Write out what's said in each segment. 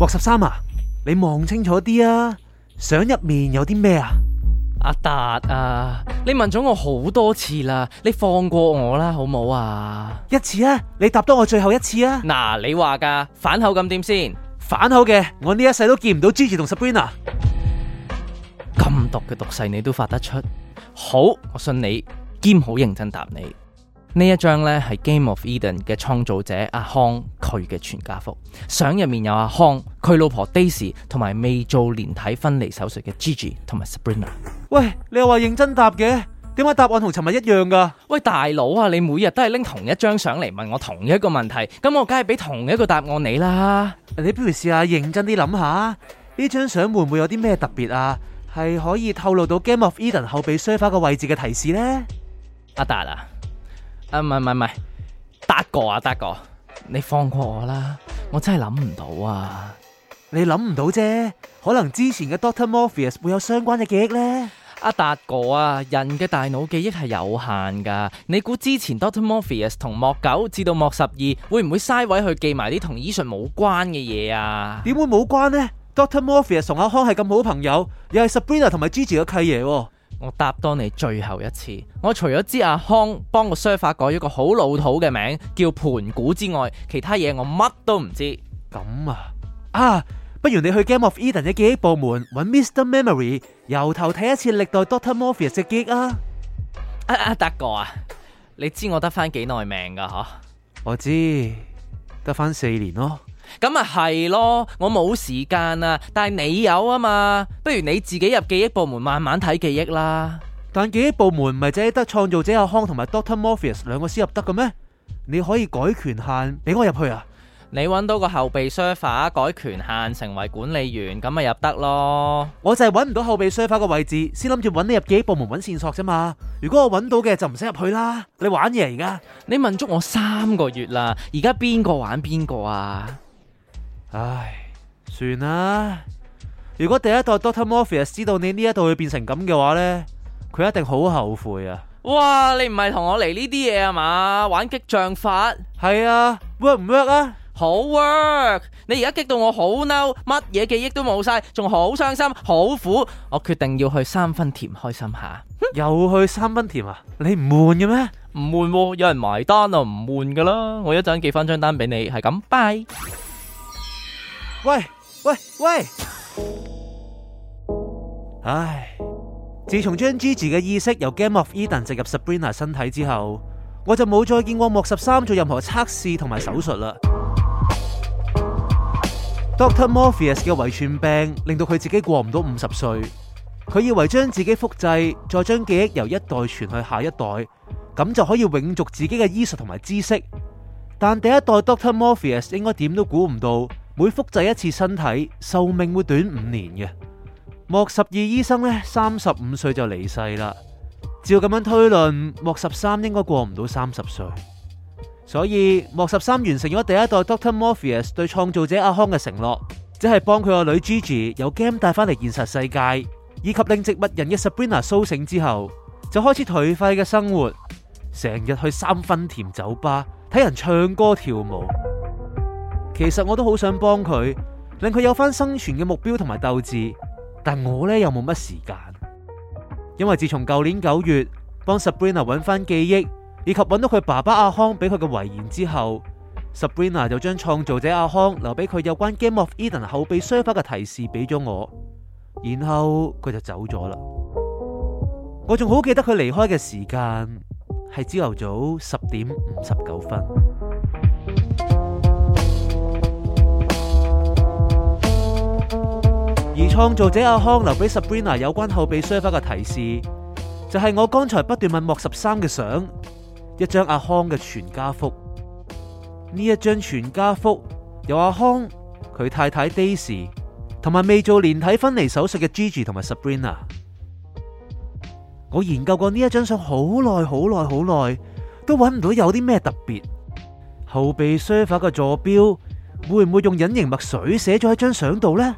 莫十三啊，你望清楚啲啊，相入面有啲咩啊？阿達啊，你問咗我好多次啦，你放過我啦，好冇啊？一次啊，你答多我最後一次啊？嗱，你話噶，反口咁點先？反口嘅，我呢一世都見唔到 Gigi 同 Sabrina。咁毒嘅毒誓你都發得出？好，我信你，兼好認真答你。呢一張咧係 Game of Eden 嘅創造者阿康佢嘅全家福，相入面有阿康、佢老婆 Daisy 同埋未做連體分離手術嘅 Gigi 同埋 Sabrina。喂，你又話認真答嘅，點解答案同尋日一樣噶？喂，大佬啊，你每日都係拎同一張相嚟問我同一個問題，咁我梗係俾同一個答案你啦。你不如試下認真啲諗下，呢張相會唔會有啲咩特別啊？係可以透露到 Game of Eden 後備 server 個位置嘅提示呢？阿達啊，啊！啊，唔係唔係唔係，達哥啊，達哥，你放過我啦，我真係諗唔到啊！你諗唔到啫，可能之前嘅 Doctor Morpheus 會有相關嘅記憶咧。阿達哥啊，人嘅大腦記憶係有限噶，你估之前 Doctor Morpheus 同莫九至到莫十二會唔會嘥位去記埋啲同醫術冇關嘅嘢啊？點會冇關呢？Doctor Morpheus 同阿康係咁好朋友，又係 Sabrina 同埋 Gigi 嘅契爺。我答多你最後一次，我除咗知阿康幫個 server 改咗個好老土嘅名叫盤古之外，其他嘢我乜都唔知。咁啊，啊，不如你去 Game of Eden 嘅記憶部門搵 Mr Memory 由頭睇一次歷代 Doctor Morpheus 嘅記憶啊，啊！啊，達哥啊，你知我得返幾耐命噶吓？我知，得返四年咯。咁咪係咯，我冇時間啊，但係你有啊嘛，不如你自己入記憶部門慢慢睇記憶啦。但記憶部門唔係淨係得創造者阿康同埋 Doctor Morpheus 兩個先入得嘅咩？你可以改權限俾我入去啊？你搵到個後備 server 改權限成為管理員，咁咪入得咯？我就係搵唔到後備 server 個位置，先諗住搵你入記憶部門搵線索啫嘛。如果我搵到嘅就唔使入去啦。你玩嘢而家？你問足我三個月啦，而家邊個玩邊個啊？唉，算啦。如果第一代 Dr Morpheus 知道你呢一代會變成咁嘅話呢，佢一定好後悔啊！哇，你唔係同我嚟呢啲嘢啊嘛？玩激將法？係啊，work 唔 work 啊？好 work！你而家激到我好嬲，乜嘢記憶都冇晒，仲好傷心，好苦。我決定要去三分甜開心下。 又去三分甜啊？你唔悶嘅咩？唔悶啊，有人埋單啊，唔悶噶啦。我一陣寄翻張單俾你，係咁，拜。喂喂喂！唉，自從將 Gigi 嘅意識由 Game of Eden 植入 Sabrina 身體之後，我就冇再見過莫十三做任何測試同埋手術啦。 Doctor Morpheus 嘅遺傳病令到佢自己過唔到五十歲，佢以為將自己複製，再將記憶由一代傳去下一代，咁就可以永續自己嘅醫術同埋知識。但第一代 Doctor Morpheus 應該點都估唔到。每複製一次身體，壽命會短五年嘅。莫十二醫生咧，三十五歲就離世啦。照咁樣推論，莫十三應該過唔到三十歲。所以，莫十三完成咗第一代 Doctor Morpheus 對創造者阿康嘅承諾，只係幫佢個女 Gigi 由 Game 帶翻嚟現實世界，以及令植物人嘅 Sabrina 甦醒之後，就開始頹廢嘅生活，成日去三分甜酒吧睇人唱歌跳舞。其實我都好想幫佢，令佢有翻生存嘅目標同埋鬥志，但我咧又冇乜時間，因為自從舊年九月幫 Sabrina 揾翻記憶，以及揾到佢爸爸阿康俾佢嘅遺言之後，Sabrina 就將創造者阿康留俾佢有關 Game of Eden 後備 server 嘅提示俾咗我，然後佢就走咗啦。我仲好記得佢離開嘅時間係朝頭早十點五十九分。而創造者阿康留俾 Sabrina 有關後備 server 嘅提示，就係我剛才不斷問莫十三嘅相，一張阿康嘅全家福。呢一張全家福有阿康、佢太太 Daisy 同埋未做連體分離手術嘅 Gigi 同埋 Sabrina。我研究過呢一張相好耐好耐好耐，都揾唔到有啲咩特別。後備 server 嘅坐標，會唔會用隱形墨水寫咗喺張相度呢？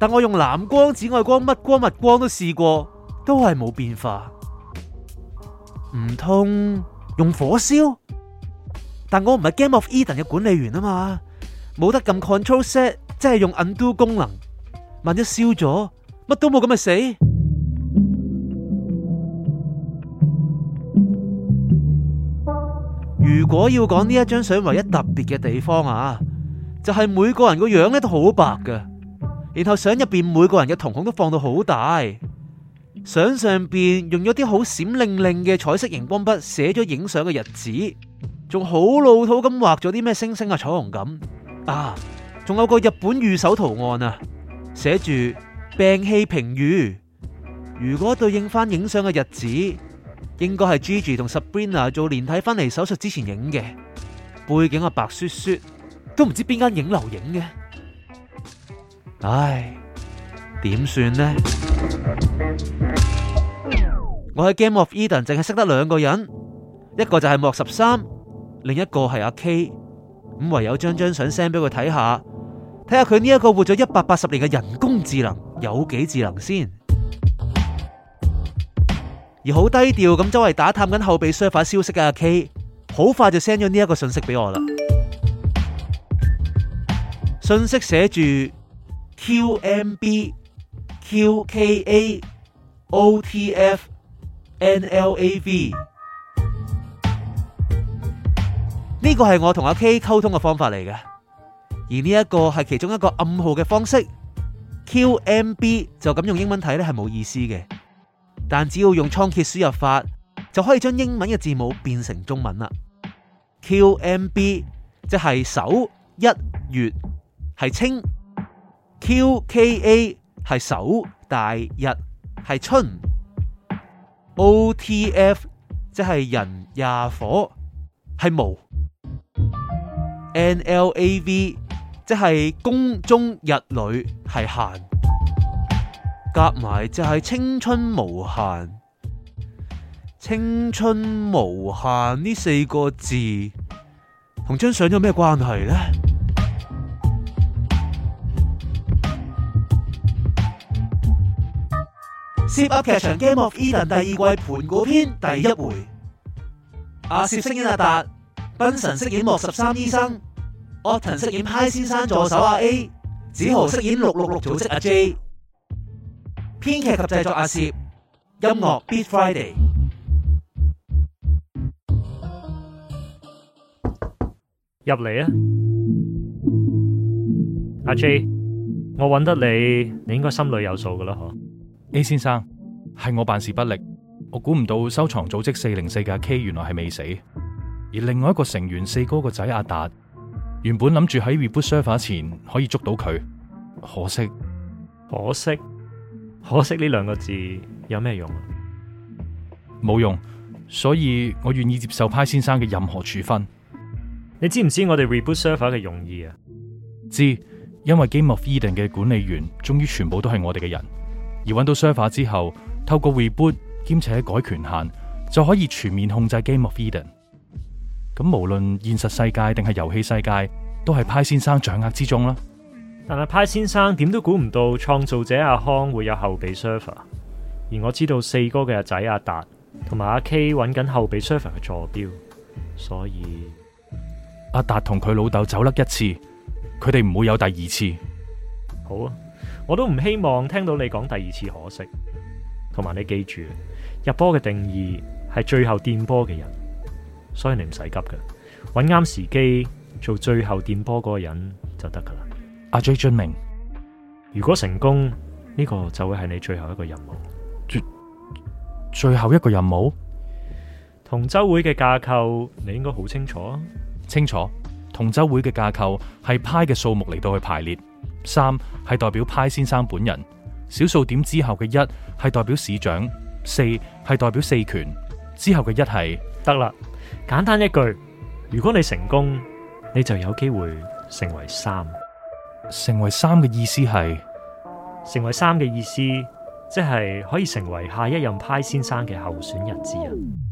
但我用藍光、紫外光、乜光、乜光都試過，都係冇變化。唔通用火燒？但我唔係 Game of Eden 嘅管理員啊嘛，冇得撳 Control Z，即係用 Undo 功能。萬一燒咗，乜都冇咁咪死。如果要講呢一張相唯一特別嘅地方啊，就係每個人個樣咧都好白噶。然後相入面每個人嘅瞳孔都放到好大，相上邊用咗啲好閃令令嘅彩色熒光筆寫咗影相嘅日子，仲好老土咁畫咗啲咩星星啊彩虹，咁啊，仲有個日本御守圖案啊，寫住病氣平愈。如果對應翻影相嘅日子，應該係 Gigi 同 Sabrina 做連體分離手術之前影嘅。背景啊白雪雪，都唔知邊間影樓影嘅。唉，點算呢？我喺 Game of Eden 淨係識得兩個人，一個就係莫十三，另一個係阿 K。咁唯有張張相 send 俾佢睇下，睇下佢呢一個活咗一百八十年嘅人工智能有幾智能先。而好低調咁周圍打探緊後備 server 消息嘅阿 K，好快就 send 咗呢一個信息俾我啦。信息寫住。QMBQKAOTFNLAV 呢、這個係我同阿 K 溝通嘅方法嚟嘅，而呢一個係其中一個暗號嘅方式。QMB 就咁用英文睇咧係冇意思嘅，但只要用倉頡輸入法就可以將英文嘅字母變成中文啦。QMB 即係首一月係清。QKA 係手大日係春，OTF 即係人廿火係無，NLAV 即係弓中日女係限，夾埋就係青春無限，青春無限呢四個字同張相有咩關係咧？《Zip 噏劇場》Game of Eden 第二季盤古篇第一回，阿攝飾演阿達，賓神飾演莫十三醫生，奧騰飾演 High 先生助手阿 A，子豪飾演六六六組織阿 J，編劇及製作阿攝，音樂 Beat Friday。入嚟啊，阿 J，我揾得你，你應該心裏有數噶啦，嗬。A 先生，係我辦事不力，我估唔到收藏組織四零四嘅 K 原來係未死，而另外一個成員四哥個仔阿達，原本諗住喺 Reboot Server 前可以捉到佢，可惜，可惜，可惜呢兩個字有咩用啊？冇用，所以我願意接受派先生嘅任何處分。你知唔知我哋 Reboot Server 嘅用意啊？知，因為 Game of Eden 嘅管理員終於全部都係我哋嘅人。而揾到 server 之後，透過 reboot 兼且改權限，就可以全面控制 Game of Eden。咁無論現實世界定係遊戲世界，都係派先生掌握之中啦。但係派先生點都估唔到創造者阿康會有後備 server，而我知道四哥嘅仔阿達同埋阿 K 揾緊後備 server 嘅坐標，所以阿達同佢老豆走甩一次，佢哋唔會有第二次。好啊。我都唔希望聽到你講第二次可惜，同埋你記住入波嘅定義係最後電波嘅人，所以你唔使急嘅，揾啱時機做最後電波嗰個人就得噶啦。阿 J 俊明，如果成功呢，這個就會係你最後一個任務，最最後一個任務同州會嘅架構你應該好清楚啊，清楚同州會嘅架構係派嘅數目嚟到去排列。三係代表派先生本人，小數點之後嘅一係代表市長，四係代表四權，之後嘅一係得啦。簡單一句，如果你成功，你就有機會成為三。成為三嘅意思係，成為三嘅意思即係可以成為下一任派先生嘅候選人之一。